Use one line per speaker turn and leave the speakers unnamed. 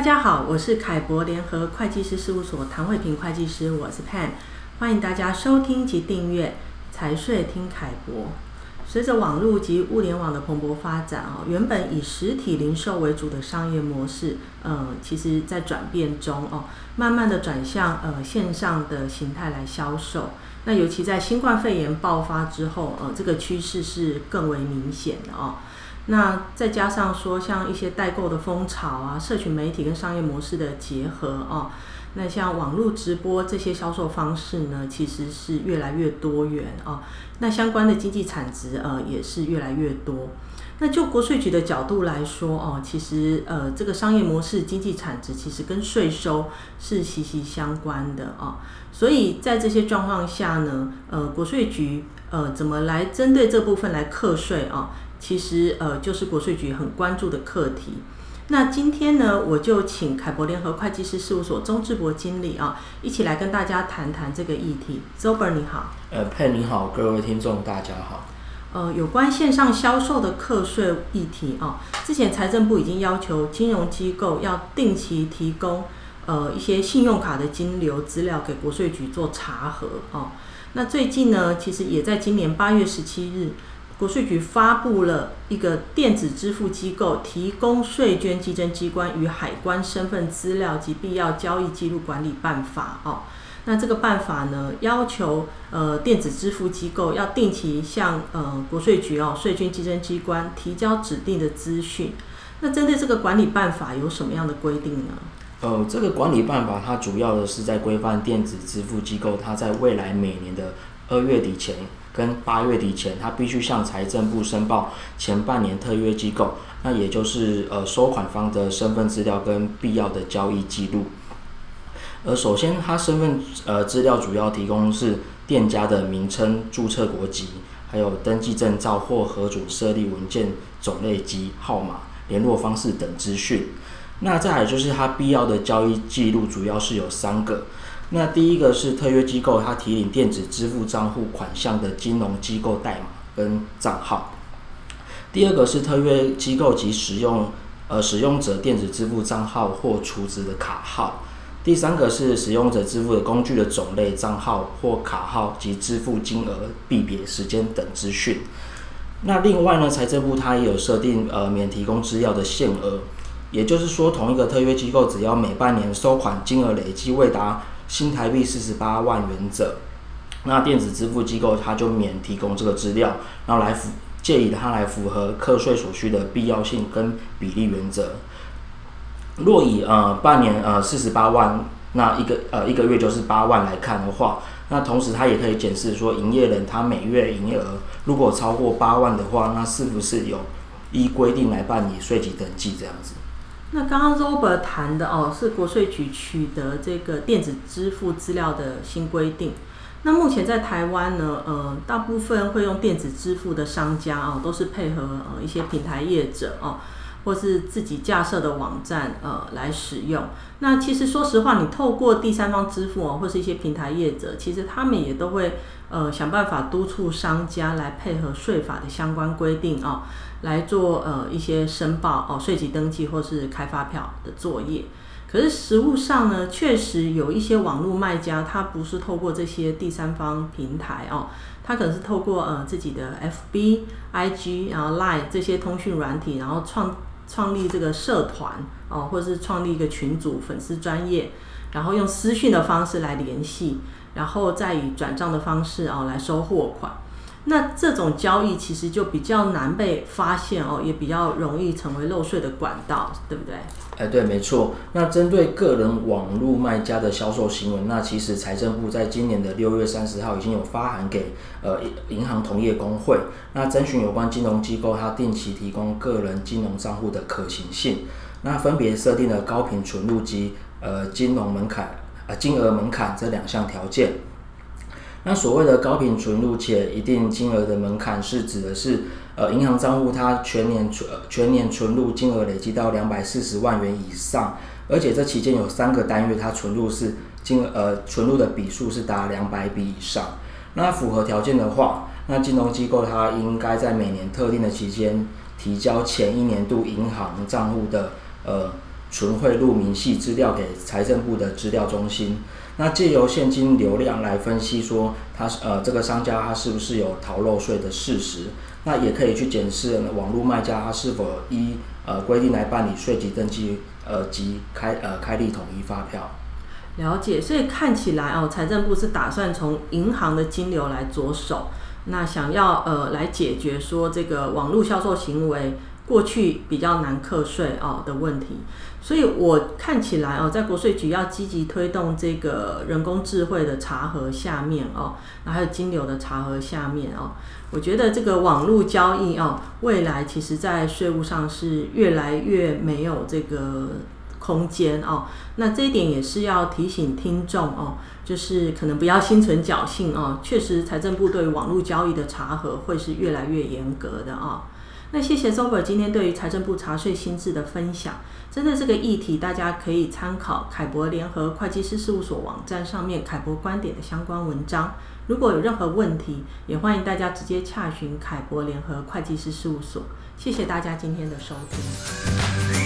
大家好，我是凱博聯合會計師事務所唐慧平會計師，我是 Pan，歡迎大家收聽及訂閱財稅聽凱博。隨着網絡及物聯網的蓬勃發展啊，原本以實體零售為主的商業模式，嗯、呃，其實在轉變中哦，慢慢地轉向呃線上的形態來銷售。那尤其在新冠肺炎爆發之後，呃，這個趨勢是更為明顯的哦。那再加上說，像一些代購的風潮啊，社群媒體跟商業模式的結合哦、啊，那像網絡直播這些銷售方式呢，其實是越來越多元哦、啊。那相關的經濟產值呃、啊，也是越來越多。那就國稅局的角度來說哦、啊，其實呃這個商業模式經濟產值其實跟稅收是息息相關的哦、啊。所以在這些狀況下呢，呃國稅局呃怎麼來針對這部分來課稅啊？其實，呃，就是國稅局很關注的課題。那今天呢，我就請凱博聯合會計師事務所鍾志博經理啊、哦，一起來跟大家談談這個議題。Zober 你好。
呃，Pen 你好，各位聽眾，大家好。
呃，有關線上銷售的課稅議題啊、哦，之前財政部已經要求金融機構要定期提供呃一些信用卡的金流資料給國稅局做查核啊、哦。那最近呢，其實也在今年八月十七日。國稅局發布了一個電子支付機構提供稅捐稽徵機關與海關身份資料及必要交易記錄管理辦法哦，那這個辦法呢，要求呃電子支付機構要定期向呃國稅局哦稅捐稽徵機關提交指定的資訊。那針對這個管理辦法有什麼樣的規定呢？
呃，這個管理辦法它主要的是在規範電子支付機構，它在未來每年的二月底前。跟八月底前，他必須向財政部申報前半年特約機構，那也就是呃收款方的身份資料跟必要的交易記錄。而首先，他身份呃資料主要提供是店家的名稱、註冊國籍、還有登記證照或核准設立文件種類及號碼、聯絡方式等資訊。那再來就是他必要的交易記錄，主要是有三個。那第一個是特約機構他提領電子支付賬戶款項的金融機構代碼跟賬號，第二個是特約機構及使用呃使用者電子支付賬號或儲值的卡號，第三個是使用者支付的工具的種類、賬號或卡號及支付金額、幣別、時間等資訊。那另外呢，財政部他也有設定呃免提供資料的限額，也就是說，同一個特約機構只要每半年收款金額累計未達新台幣四十八萬元者，那電子支付機構他就免提供這個資料，然後來借以他來符合課稅所需的必要性跟比例原則。若以呃半年呃四十八萬，那一個呃一個月就是八萬來看的話，那同時他也可以檢視說，營業人他每月營業額如果超過八萬的話，那是不是有依規定來辦理稅籍登記這樣子？
那剛剛 Robert 談的哦，是國稅局取得這個電子支付資料的新規定。那目前在台灣呢，呃，大部分會用電子支付的商家哦，都是配合呃一些平台業者哦。或是自己架設的網站，呃，來使用。那其實說實話，你透過第三方支付哦，或是一些平台業者，其實他們也都會呃想辦法督促商家來配合稅法的相關規定哦，來做呃一些申報哦、稅籍登記或是開發票的作業。可是實務上呢，確實有一些網絡賣家，他不是透過這些第三方平台哦，他可能是透過呃自己的 FB、IG 然後 Line 這些通訊軟體，然後創。創立這個社團哦，或者是創立一個群組、粉絲專頁，然後用私訊的方式來聯繫，然後再以轉賬的方式啊、哦、來收貨款。那這種交易其實就比較難被發現哦,也比較容易成為漏稅的管道,對不對？誒、
哎,對,沒錯。那針對個人網絡賣家的銷售行為,那其實財政部在今年的六月三十號已經有發函給呃銀行同業公會,那徵詢有關金融機構,它定期提供個人金融賬戶的可行性。那分別設定了高頻存入及呃金融門檻呃金額門檻這兩項條件。那所謂的高頻存入且一定金額的門檻，是指的是，呃，銀行賬戶它全年存、呃，全年存入金額累積到兩百四十萬元以上，而且這期間有三個單月它存入是金額，呃，存入的筆數是達兩百筆以上。那符合條件的話，那金融機構它應該在每年特定的期間提交前一年度銀行賬戶的呃存匯入明細資料給財政部的資料中心。那借由現金流量來分析，說他呃這個商家他是不是有逃漏稅的事實？那也可以去檢視網絡賣家他是否依呃規定來辦理稅籍登記，呃及開呃開立統一發票。
了解，所以看起來哦，財政部是打算從銀行的金流來着手，那想要呃來解決說這個網絡銷售行為。過去比較難課稅哦的問題，所以我看起來哦，在國稅局要積極推動這個人工智慧的查核下面哦，那還有金流的查核下面哦，我覺得這個網絡交易哦，未來其實在稅務上是越來越沒有這個空間哦。那這一點也是要提醒聽眾哦，就是可能不要心存僥倖哦。確實，財政部對網絡交易的查核會是越來越嚴格的啊、哦。那謝謝 Zober 今天對於財政部查稅新制的分享，針對這個議題，大家可以參考凱博聯合會計師事務所網站上面凱博觀點的相關文章。如果有任何問題，也歡迎大家直接洽詢凱博聯合會計師事務所。謝謝大家今天的收聽。